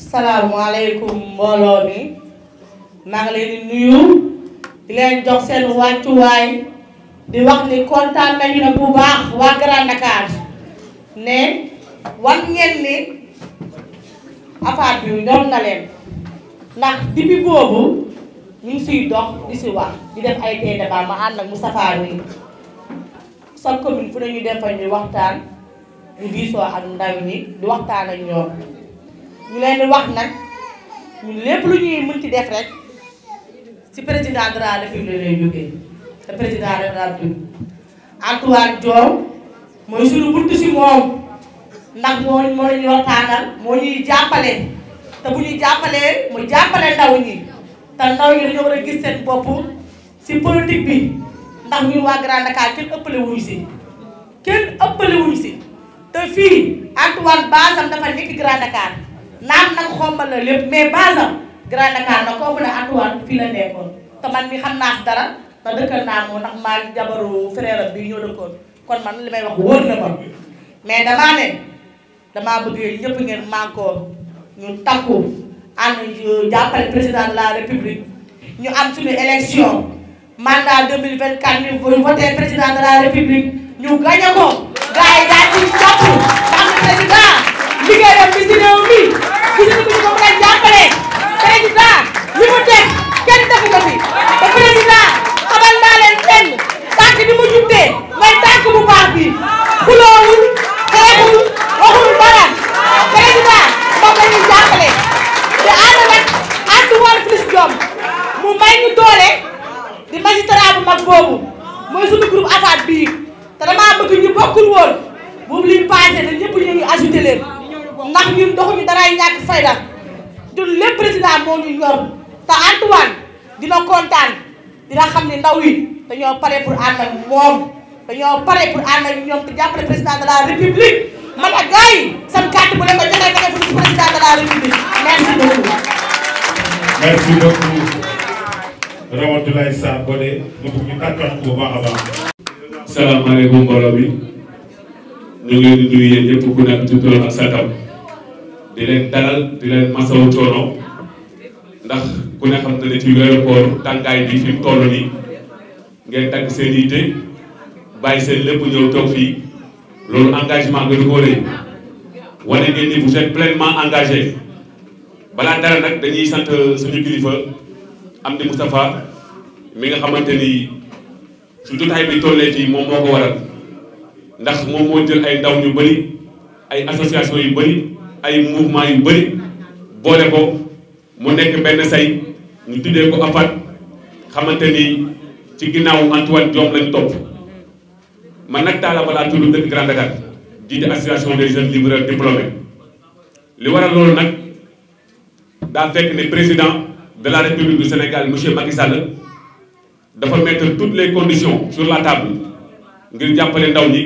asalaamualeykum mbooloo mi maa ngi leen nuyu di leen jox seen wàccuwaay di wax ni kontaan nañu ne bu baax waa Grand Dakar ne wan ngeen ni affaire bi ñor na leen ndax depuis boobu ñu ngi siy dox di si wax di def ay tey débat ma ànd ak Moustapha nii sa commune fu ne ñu dem fa ñuy waxtaan ñu diisoo ak ndaw ñi di waxtaan ak ñoom. ñu leen di wax nag ñu lépp lu ñuy mën ci def rek ci président de la république lay jógee te président de la république Antoine Diome mooy suñu buntu ci moom ndax moo moo la ñuy moo ñuy jàppale te bu ñuy jàppalee mu jàppale ndaw ñi te ndaw ñi dañoo war a gis seen bopp ci politique bi ndax ñun waa Grand Dakar kenn ëppale wuñ ci kenn ëppale wuñ ci te fii Antoine Basam dafa nekk Grand Dakar naam nag xombal na lépp mais base am Grand Dakar la kooku ne Antoine fii la nekkoon te man mi xam naa dara te dëkkal naa ndax maa jabaru frère am ñoo dëkkoon kon man li may wax wóor na ma mais damaa ne damaa bëgg ñëpp ngeen mànkoo ñu takku ànd jàppale président de la république ñu am suñu élection mandat 2024 ñu voté président de la république ñu gagné ko yi daal di jàpp ndax président. paré pour and ak mom dañoo paré pour and ak ñom te jappalé président de la république man ak gaay sam carte bu lema ko joxé fu président de la république merci beaucoup merci beaucoup lay sa bodé ñu ñu takkan bu baaxa baax salam alaykum mbolo bi ñu ngi di nuyu yeen ñepp ku nekk ci tour ak satam di len dalal di len massaw coono ndax ku ne xam na ne ci wéru koor tàngaay bi fi mu toll nii ngeen takk seen yitte bàyyi seen lépp ñëw toog fii loolu engagement nga du ko rëy wane ngeen ni vous êtes pleinement engagé balaa dara nag dañuy sant euh, suñu kilifa Amdi Moustapha mi nga xamante ni su jotaay bi tollee fii moom moo ko waral ndax moom moo jël ay ndaw ñu bëri ay association yu bëri ay mouvement yu bëri boole ko mu nekk benn say ñu tuddee ko afat xamante ni ci ginnaawu Antoine Diome lañu topp man nag Talla Balla Touré dëkk Grand Dakar jiite association des jeunes livreurs diplômés li waral loolu nag daa fekk ne président de la république du Sénégal monsieur Macky Sall dafa mettre toutes les conditions sur la table ngir jàppale ndaw ñi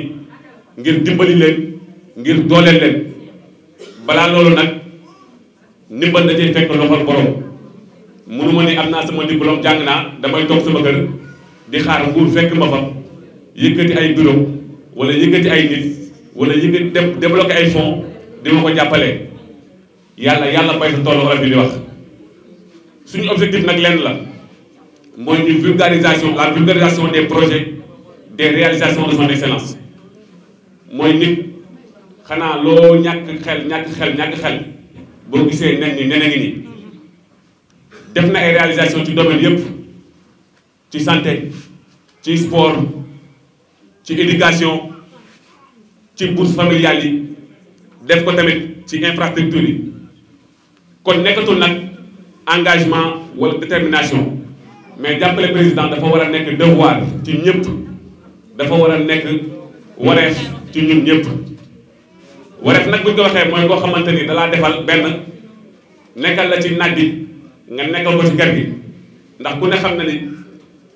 ngir dimbali leen ngir dooleel leen balaa loolu nag ndimbal da cee fekk loxol borom mënu ma ne am naa sama diplôme jàng naa damay toog sama kër. di xaar nguur fekk ma fa yëkkati ay bureau wala yëkkati ay nit wala yëkkati débloqué ay fonds di ma ko jàppale yàlla yàlla baytu sa tool wala bi di wax suñu objectif nag lenn la mooy ñu vulgarisation la vulgarisation des projets des réalisations de son excellence mooy nit xanaa loo ñàkk xel ñàkk xel ñàkk xel boo gisee nen ni nene ngi ni def na ay réalisation ci domaine yëpp ci santé ci sport ci éducation ci bourse familiale yi def ko tamit ci infrastructure yi kon nekkatul nag engagement wala détermination mais jàppale président dafa war a nekk devoir ci ñëpp dafa war a nekk wareef ci ñun ñëpp wareef nag buñ ko waxee mooy koo xamante ni dalaa defal benn nekkal la ci naaj bi nga nekkal ko ci kër gi ndax ku ne xam na ni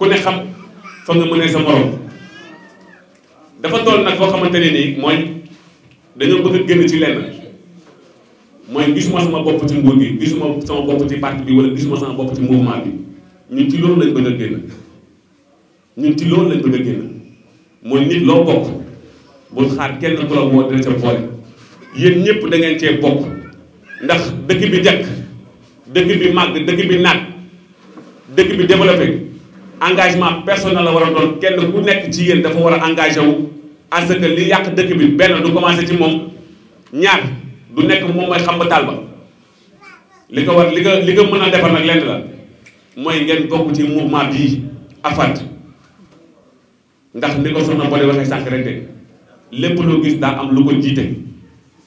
ku ne xam fa nga mënee sa morom dafa toll nag foo xamante ne nii mooy dañoo bëgg a génn ci lenn mooy gisuma sama bopp ci nguur gi gisuma sama bopp ci parti bi wala gisuma sama bopp ci mouvement bi ñun ci loolu lañ bëgg a génn ñun ci loolu lañ bëgg a génn mooy nit loo bokk bul xaar kenn ku la woo dina ca yéen ñëpp dangeen ngeen cee bokk ndax dëkk bi jekk dëkk bi màgg dëkk bi naat dëkk bi développé. engagement personne la war a doon kenn bu nekk ci yéen dafa war a engagé wu à ce li yàq dëkk bi benn du commencé ci moom ñaar du nekk moom mooy xam ba taal ba li ko war li ko li ko mën nag lenn la mooy ngeen bokk ci mouvement bii afat ndax ni ko soxna Mbodé waxee sànq rek lépp loo gis daa am lu ko jiite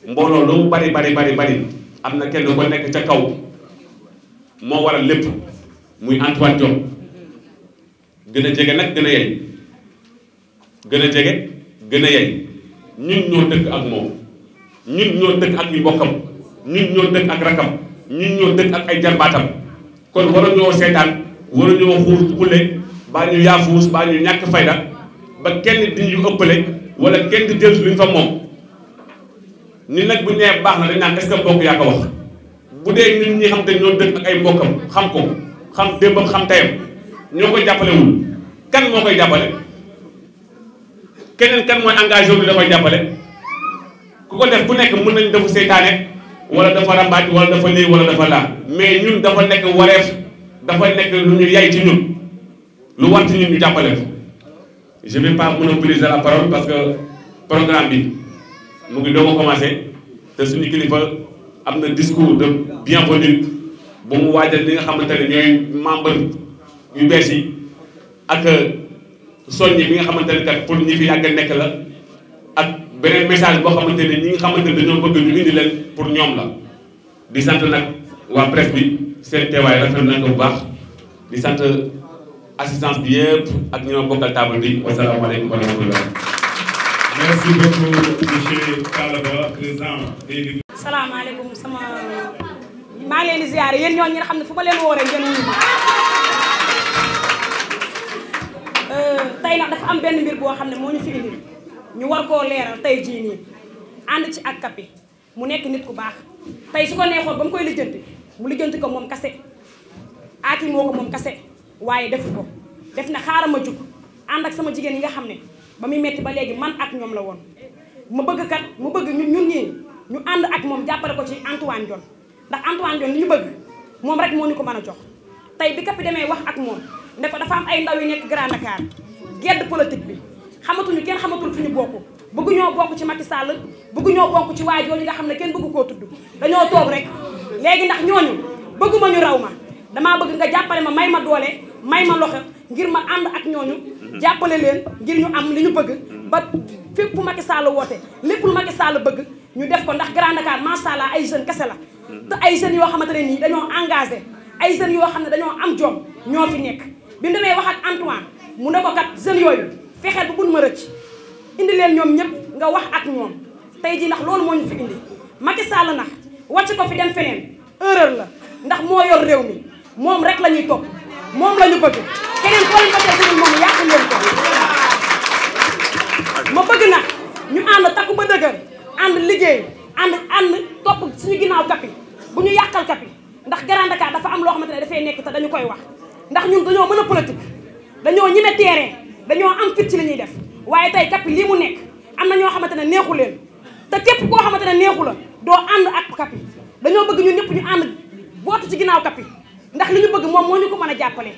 mbooloo lu mu bari bari bari bari am na kenn ko nekk ca kaw moo waral lépp muy Antoine Diome gën a jege nag gën a yey gën a jege gën a yey ñun ñoo dëkk ak moom ñun ñoo dëkk ak yi bokkam ñun ñoo dëkk ak rakam ñun ñoo dëkk ak ay jarbaatam kon war a ñoo seetaan war a ñoo xuus xulle baa ñu yaafuus baa ñu ñàkk fayda ba kenn di ñu ëppale wala kenn di jël luñ fa moom ni nag bu nee baax na dañ naan est-ce que mbokk yaa ko wax bu dee ñun ñi xam te ñoo dëkk ak ay mbokkam xam ko xam démbam xam tayam ñoo koy wul kan moo koy jàppale keneen kan mooy engagé bi da koy jàppale ku ko def bu nekk mën nañ dafa seytaane wala dafa rambaaj wala dafa lii wala dafa laa mais ñun dafa nekk wareef dafa nekk lu ñu yay ci ñun lu war ci ñun ñu jàppale je vais pas monopoliser la parole parce que programme bi mu ngi doog a commencé te suñu kilifa am na discours de bienvenue bu mu waajal li nga xamante ne ñooy membre yu bees yi ak euh, soññi bi nga xamante ne kat pour ñi fi yàgg nekk la ak beneen message boo xamante ne ñi nga xamante ne dañoo bëgg ñu indi leen pour ñoom la di sant nag waa presse bi seen teewaay rafetlu nañ ko bu baax di sant assistance bi yëpp ak ñi ma bokkal table bi wasalaamaaleykum wa maa leen di ziare yéen ñooñu xam ne fu ma leen wooree ngeen Tay nak dafa am benn mbir bo xamne ne fi indi ñu war ko leral tay ji ni and ci ak Kappé mu nek nit ku bax tay su ko neexoon ba koy lijeenti mu lijeenti ko mom kase ati moko ko kasse kase def defu ko def na xaaral ma jug ànd ak sama jigen yi nga xamne ne metti ba legi man ak ñom la won ma bëgg kat mu bëgg ñun ñun ñi ñu and ak mom jàppale ko ci Antoine Diome ndax Antoine Diome ñu bëgg mom rek mo ñu ko mëna jox tay bi Kappé démé wax ak mom ne ko dafa am ay ndaw yu nek Grand Dakar gedd politique bi xamatuñu kenn xamatul fu ñu bokk bëgguñoo bokk ci Macky Sall bëgguñoo bokk ci waajoo yi nga xam ne kenn bëggu koo tudd dañoo toog rek léegi ndax ñooñu bëgguma ñu raw ma damaa bëgg nga jàppale ma may ma doole may ma loxo ngir ma ànd ak ñooñu mhm. jàppale leen ngir ñu am li ñu bëgg mhm. ba fépp fu Macky Sall woote lépp lu Macky bëgg ñu def ko ndax Grand Dakar macha allah ay jeunes kese la mhm. te ay jeunes yoo xamante ne nii dañoo engagé ay jeunes yoo xam ne dañoo am jom ñoo fi nekk bi demee wax ak Antoine mu ne ko kat jeunes yooyu fexeel bu bun ma rëcc indi leen ñoom ñëpp nga wax ak ñoom tey jii ndax loolu moo ñu fi indi Macky Sall nax wàcc ko fi dem feneen erreur la ndax moo yor réew mi moom rek lañuy ñuy topp moom la ñu bëgg keneen koo leen bëggee sëriñ moom yàq ngeen ko ma bëgg nag ñu ànd takku ba dëgër ànd liggéey ànd ànd topp suñu ginnaaw kapi bu ñu yàqal kapi ndax Grand Dakar dafa am loo xamante ne dafay nekk te dañu koy wax ndax ñun dañoo mën a dañoo ñeme terrain dañoo am fit ci li ñuy def waaye tey Kappy lii mu nekk am na ñoo xamante ne neexu leen te képp koo xamante ne neexu la doo ànd ak Kappy dañoo bëgg ñun ñëpp ñu ànd bootu ci ginnaaw Kappy ndax li ñu bëgg moom moo ñu ko mën a jàppale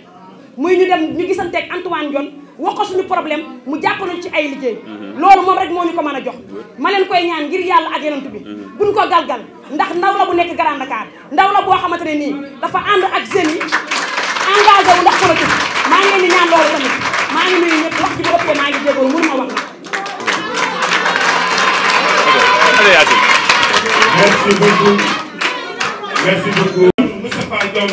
muy ñu dem ñu gisanteeg Antoine Diome wax ko suñu problème mu jàppale ci ay liggéey mhm. loolu moom rek ko mën a jox ma leen koy ñaan ngir yàlla ak yonent bi mhm. buñ ko galgal ndax ndaw la bu nekk Grand Dakar ndaw la boo xamante ne dafa ànd ak jeunes yi engagé maa ngi leen di ñaan loolu tamit maa ngi nuyu ñëpp wax ci bopp maa ngi jégalu mënu ma wax merci beaucoup merci beaucoup Moustapha Diom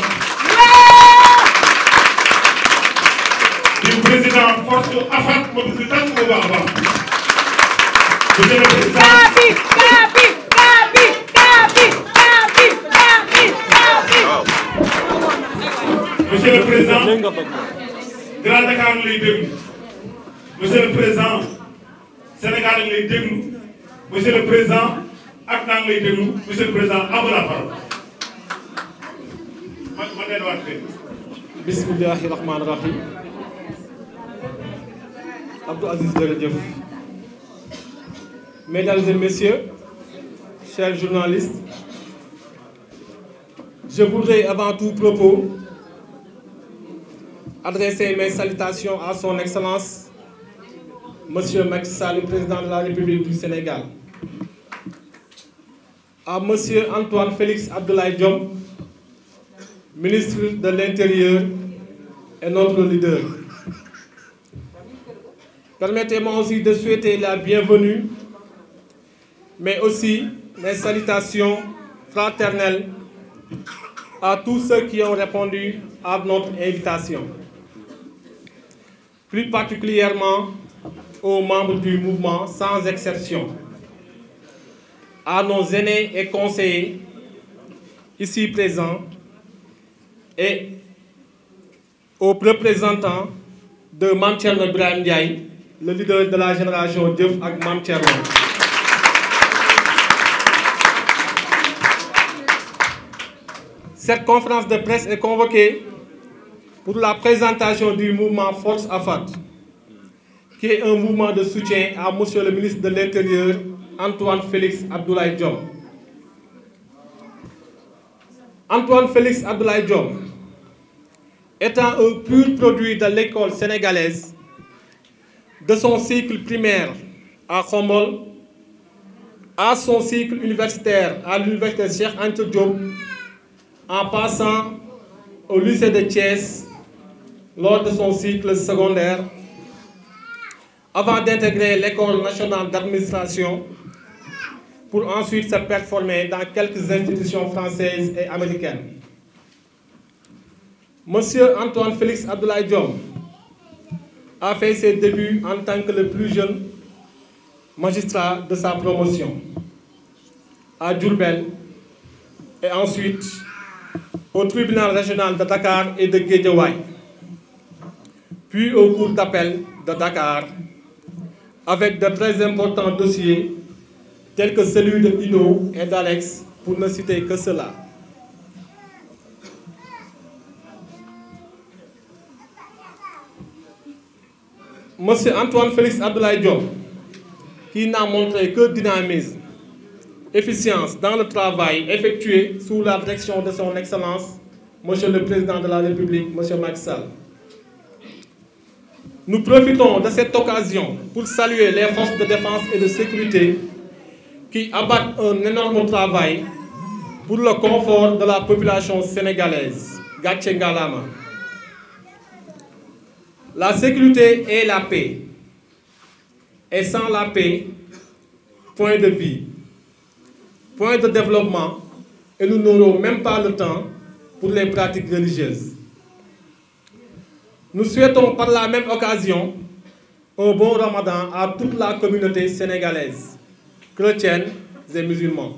di président force AFAT ma bëgg tànk bu baax a baax monsieur le président Monsieur le Président monsieur le président Sénégal monsieur le président ak monsieur le président à vous la parole rahim Abdou Aziz Mesdames et messieurs, chers journalistes, je voudrais avant tout propos adresser mes salutations à son Excellence, Monsieur Macky Sall, président de la République du Sénégal, à Monsieur Antoine Félix Abdoulaye Diom, ministre de l'Intérieur et notre leader. Permettez-moi aussi de souhaiter la bienvenue, mais aussi mes salutations fraternelles à tous ceux qui ont répondu à notre invitation plus particulièrement aux membres du mouvement sans exception, à nos aînés et conseillers ici présents et aux représentants de Mamcherno Ibrahim le leader de la génération Dieuf Ag Cette conférence de presse est convoquée pour la présentation du mouvement Force AFAT, qui est un mouvement de soutien à M. le ministre de l'Intérieur, Antoine Félix Abdoulaye Diom. Antoine Félix Abdoulaye Diom, étant un pur produit de l'école sénégalaise, de son cycle primaire à Khomol, à son cycle universitaire à l'université Cheikh Anta Diop, en passant au lycée de Thiès lors de son cycle secondaire avant d'intégrer l'École nationale d'administration pour ensuite se performer dans quelques institutions françaises et américaines. Monsieur Antoine Félix Abdoulaye Diom a fait ses débuts en tant que le plus jeune magistrat de sa promotion à Durbel et ensuite au tribunal régional de Dakar et de Guédiawaye puis au cours d'appel de Dakar, avec de très importants dossiers tels que celui de Ino et d'Alex, pour ne citer que cela. Monsieur Antoine Félix Abdoulaye Diop, qui n'a montré que dynamisme, efficience dans le travail effectué sous la direction de son Excellence, Monsieur le Président de la République, Monsieur Maxal. Nous profitons de cette occasion pour saluer les forces de défense et de sécurité qui abattent un énorme travail pour le confort de la population sénégalaise. Gatchengalama. La sécurité et la paix. Et sans la paix, point de vie, point de développement, et nous n'aurons même pas le temps pour les pratiques religieuses. Nous souhaitons par la même occasion un bon ramadan à toute la communauté sénégalaise, chrétienne et musulmane.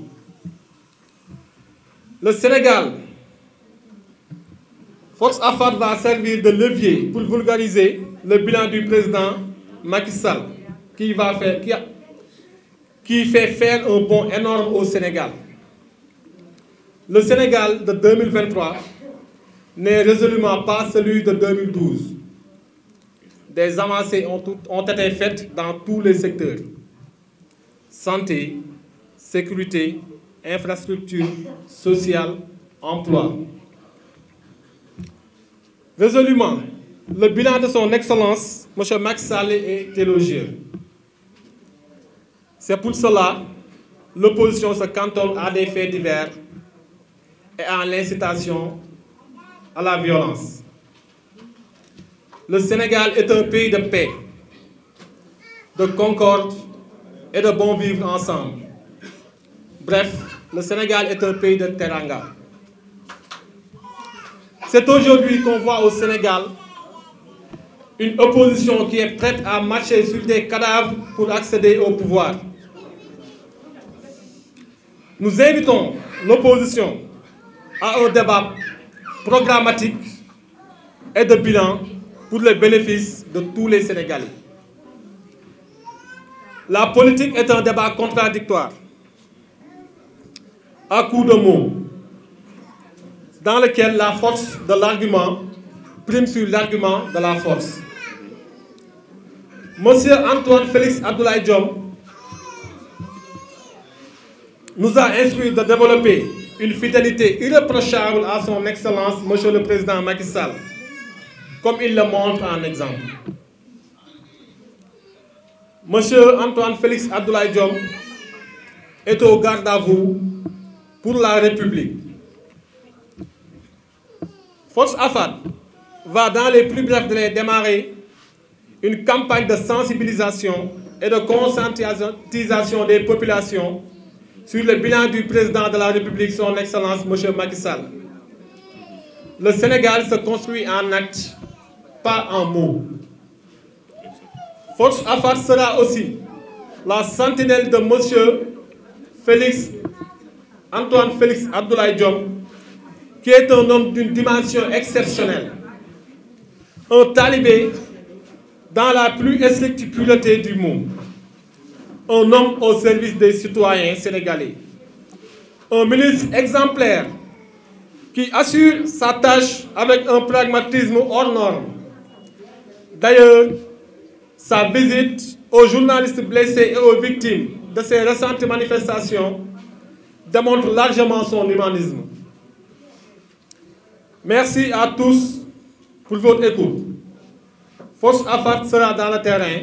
Le Sénégal, Fox Afar va servir de levier pour vulgariser le bilan du président Macky Sall, qui, va faire, qui, qui fait faire un bond énorme au Sénégal. Le Sénégal de 2023 n'est résolument pas celui de 2012. Des avancées ont, été faites dans tous les secteurs. Santé, sécurité, infrastructure, sociale, emploi. Résolument, le bilan de son Excellence, M. Max Salé, est élogieux. C'est pour cela l'opposition se cantonne à des faits divers et à l'incitation à la violence. Le Sénégal est un pays de paix, de concorde et de bon vivre ensemble. Bref, le Sénégal est un pays de teranga. C'est aujourd'hui qu'on voit au Sénégal une opposition qui est prête à marcher sur des cadavres pour accéder au pouvoir. Nous invitons l'opposition à un débat programmatique et de bilan pour le bénéfice de tous les Sénégalais. La politique est un débat contradictoire, à coup de mots, dans lequel la force de l'argument prime sur l'argument de la force. Monsieur Antoine Félix Abdoulaye Diom nous a instruit de développer une fidélité irréprochable à son Excellence, Monsieur le Président Macky Sall, comme il le montre en exemple. Monsieur Antoine Félix Abdoulaye Diom est au garde à vous pour la République. Force AFAD va dans les plus brefs délais démarrer une campagne de sensibilisation et de conscientisation des populations sur le bilan du président de la République, son Excellence M. Macky Le Sénégal se construit en actes, pas en mots. à Afar sera aussi la sentinelle de M. Félix, Antoine Félix Abdoulaye Diop, qui est un homme d'une dimension exceptionnelle, un talibé dans la plus estricte pureté du monde un homme au service des citoyens sénégalais, un ministre exemplaire qui assure sa tâche avec un pragmatisme hors norme. D'ailleurs, sa visite aux journalistes blessés et aux victimes de ces récentes manifestations démontre largement son humanisme. Merci à tous pour votre écoute. Force Affat sera dans le terrain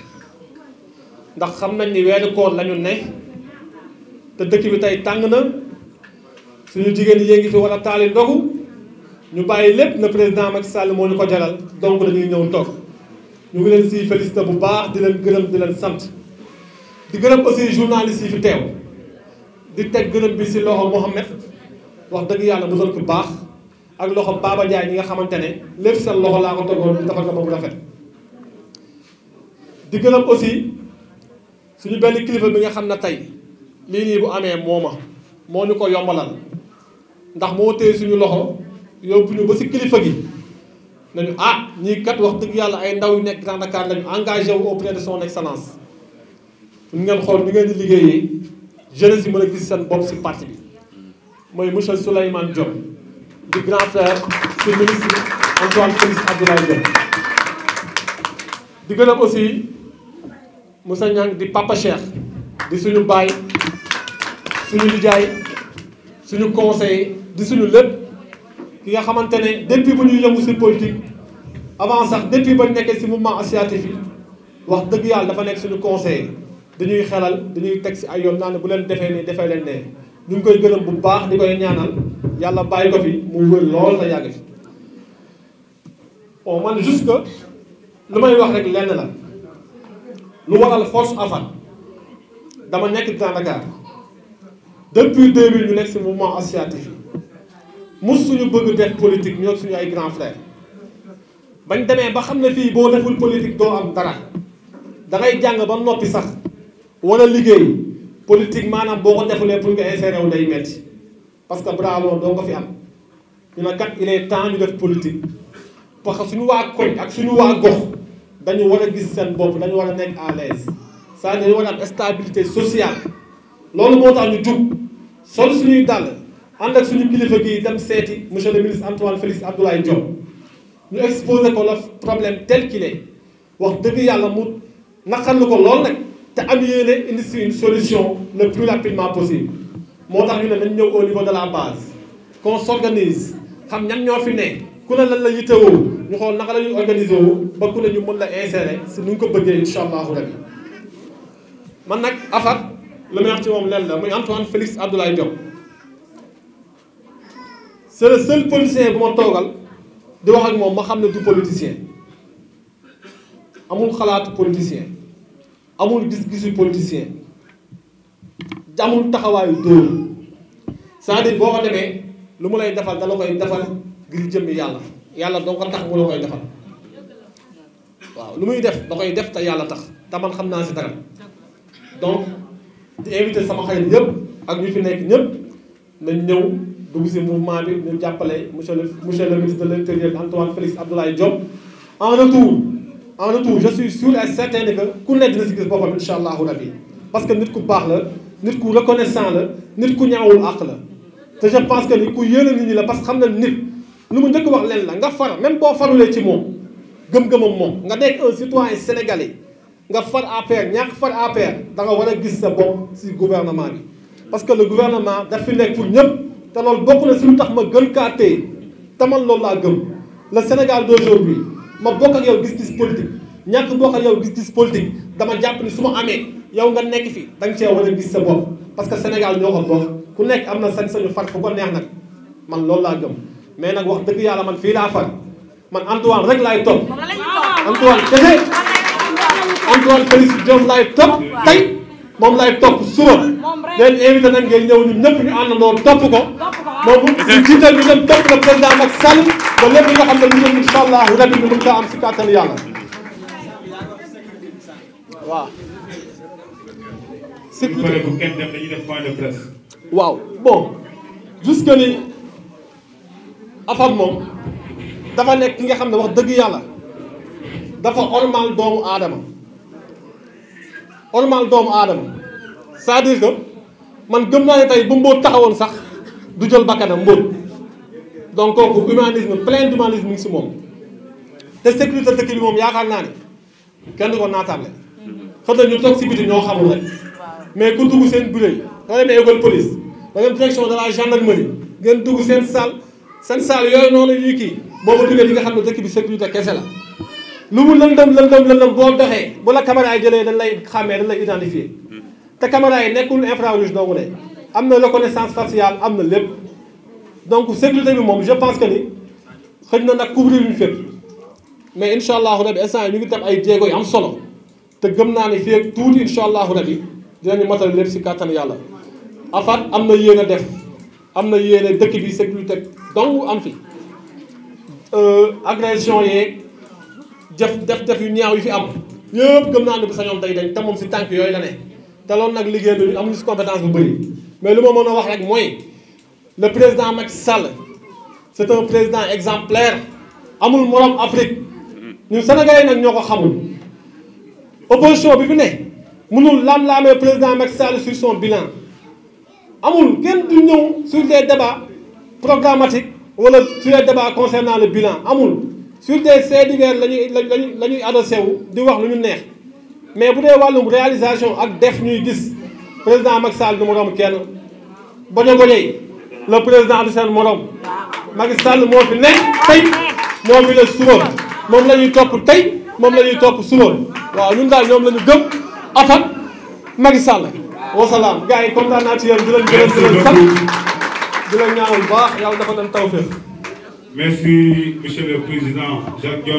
ndax xam nañ ni weeru koor lañu ne te dëkk bi tey tàng na suñu jigéen yi ngi fi war a taali ndogu ñu bàyyi lépp na président Macky Sall moo ñu ko jaral donc dañuy ñëw toog ñu ngi leen si félicité bu baax di leen gërëm di leen sant di gënëm aussi journaliste yi fi teew di teg gërëm bi si loxo Mouhamed wax dëgg yàlla mu doon ku baax ak loxo Baba Ndiaye ñi nga xamante ne lépp seen loxo laa ko tegoon defal na bu rafet di gërëm aussi. suñu benn kilifa bi nga xam na tey lii nii bu amee mooma moo ñu ko yombalal ndax moo téye suñu loxo yow yóbbu ñu ba si kilifa gi nañu ah ñii kat wax dëgg yàlla ay ndaw yu nekk Grand Dakar lañu engagé wu auprès de son excellence ñu ngeen xool ni ngeen di liggéeyee jeunesse yi mën a gis seen bopp si parti bi mooy monsieur Souleymane Diop di grand frère si ministre Antoine Félix Abdoulaye Diop di gërëm Moussa Niang di papa Cheikh di suñu baay suñu lijaay suñu conseiller di suñu lépp ki nga xamante ne depuis ba ñuy yëngu si politique avant sax depuis ba nekkee si mouvement associatif yi wax dëgg yàlla dafa nekk suñu conseiller dañuy xelal dañuy teg si ay yoon naa bu leen defee nii defee leen ne ñu ngi koy gërëm bu baax di koy ñaanal yàlla bàyyi ko fi mu wër lool la yàgg fi bon man juste que lu may wax rek lenn la. avons la force afan dama nekk dans Dakar depuis 2000 ñu nekk si mouvement associatif Nous bëgg politique ñoo suñu grand frère bañ ba ne deful politique am dara ba sax wala politique maanaam boo pour nga day parce que bravo ko fi am il est temps ñu def politique parce que suñu koñ ak suñu dañu war a gis seen bopp dañu war a nekk à l'aise c'est-à-dire dañu war a am stabilité sociale loolu moo tax ñu jug sol suñuy dàll ànd ak suñu kilifa gi dem seeti monsieur le ministre Antoine Félix Abdoulaye Diome ñu exposé ko la problème tel qu'il est wax dëgg yàlla mu naqarlu ko lool nag te am yéene indi si une solution le plus rapidement possible moo tax ñu ne nañ ñëw au niveau de la base qu'on s'organise xam ñan ñoo fi ne ku ne lan la ñu teewoo ñu xool naka la ñuy organisé wu ba ku ne ñu mën la insérer si nu ñu ko bëggee incha allahu rabi man nag afat lu may wax ci moom lenn la muy Antoine Félix Abdoulaye Diop c'est le seul politicien bu ma toogal di wax ak moom ma xam ne du politicien amul xalaatu politicien amul gis-gisu politicien amul taxawaayu dóor c'est-à-dire boo ko demee lu mu lay defal da la koy defal ngir jëm yàlla yàlla do ko tax mu la koy defal waaw lu muy def da koy def ta yàlla tax ta man xamna ci dara donc di invité sama xel yëpp ak ñu fi nekk ñëpp nañ ñëw dugg ci mouvement bi ñu jàppale monsieur le monsieur le ministre de l'intérieur Antoine Félix Abdoulaye Diop en retour en retour je suis sûr et certain que ku nekk na ci gis bopam inshallah rabbi parce que nit ku bax la nit ku reconnaissant la nit ku ñaawul ak la te je pense que ni ku yéene nit ñi la parce que xam na nit lu mu njëkk wax leen la nga far même boo farulee ci moom gëm-gëmam gëm moom nga nekk un citoyen sénégalais nga far APR ñàkk far APR da nga war a gis sa bopp si gouvernement bi. parce que la gouvernement daf fi nekk pour ñëpp te loolu bokk na si lu tax ma gën kaa téye tamal loolu laa gëm le Sénégal d'aujourd'hui ma bokk ak yow gis-gis politique ñàkk bokk ak yow gis-gis politique dama jàpp ni su ma amee yow nga nekk fi da nga cee war a gis sa bopp parce que Sénégal ñoo ko bokk ku nekk am na sañ-sañu far fu neex nag man loolu laa gëm. mais nag wax dëgg yàlla man fii laa far man Antoine rek laay topp Antoine kese Antoine Félix Diome laay topp tey moom laay topp suba leen invité nag ngeen ñëw ñun ñëpp ñu àndandoo topp ko moom ñu jiital ñu dem topp le président Macky Sall ba lépp nga xam ne lu ñëm incha allah rabi ñu mën ko am si kàttan yàlla waaw si bu kenn dem dañuy def point de presse waaw bon jusque ni afal moom dafa nekk ki nga xam ne wax dëgg yàlla dafa ormal doomu aadama ormal doomu aadama c'est-à-dire que man gën naa ne tey bu mbóot taxawoon sax du jël bakkanam mbóot donc kooku humanisme plein d'humanisme ngi si moom te sécurité dëkk bi moom yaakaar naa ne kenn du ko naataable xëy na ñu toog si biti ñoo xamul mais ku dugg seen bureau yi da ngay école police da ngeen direction de la dugg seen salle seen saal yooyu noonu yi kii boo ko duggee li nga xam ne dëkk bi sécurité kese la lu mu lëndëm lëndëm lëndëm boo doxee bu la caméra yi jëlee dañ lay xàmmee dañ lay identifier te caméra yi nekkul infrarouge doomu de am na reconnaissance faciale am na lépp donc sécurité bi moom je pense que ni xëy na nag couvrir ñu fépp mais incha allahu rabi instant yi ñu ngi tam ay jéego yu am solo te gëm naa ne fii ak tuuti incha allahu rabi dinañu matal lépp si kàttan yàlla afat am na yéen a def am na yéen a dëkk bi sécurité donc am fi euh, agression yeeg def def def yu ñaaw yu fi am yëpp gëm naa ne bu sañoon day dañ te moom si tànk yooyu la ne te loolu nag liggéey bi amuñu si compétence bu bëri mais lu ma mën a wax rek mooy le président Macky Sall c'est un président exemplaire amul morom Afrique ñun sénégalais nag ñoo ko xamul opposition bi fi ne mënul laam-laamee président Macky Sall sur son bilan amul kenn du ñëw sur les débats programmatique wala sur les débats concernant le bilan amul su des faits divers la ñuy la ñuy la wu di wax lu ñu neex mais bu dee wàllum réalisation ak def ñuy gis président Macky Sall du morom kenn baño la le président du seen morom Macky Sall moo fi nekk tey moo fi la suba moom la topp tey moom la ñuy topp suba waaw ñun daal ñoom la ñu gëm attaque Macky Sall wasalaam gars yi kontaan naa ci yéen di leen gërëm di Merci, Monsieur le Président.